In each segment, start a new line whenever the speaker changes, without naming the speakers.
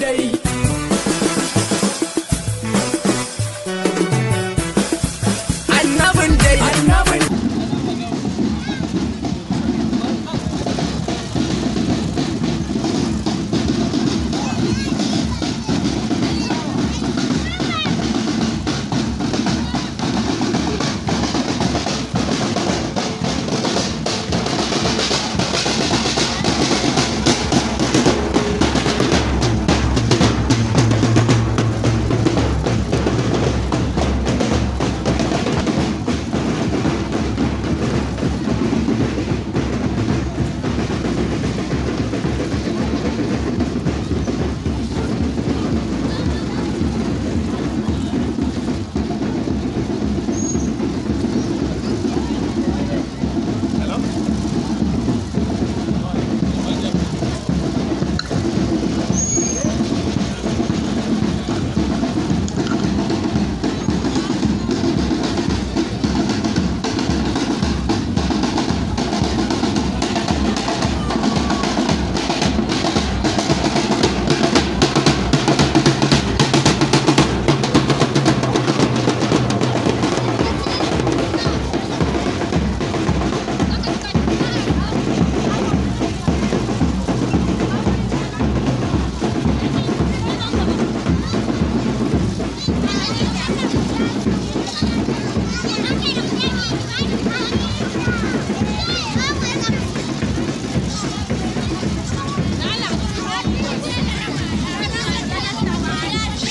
day.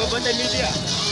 Babanda Media.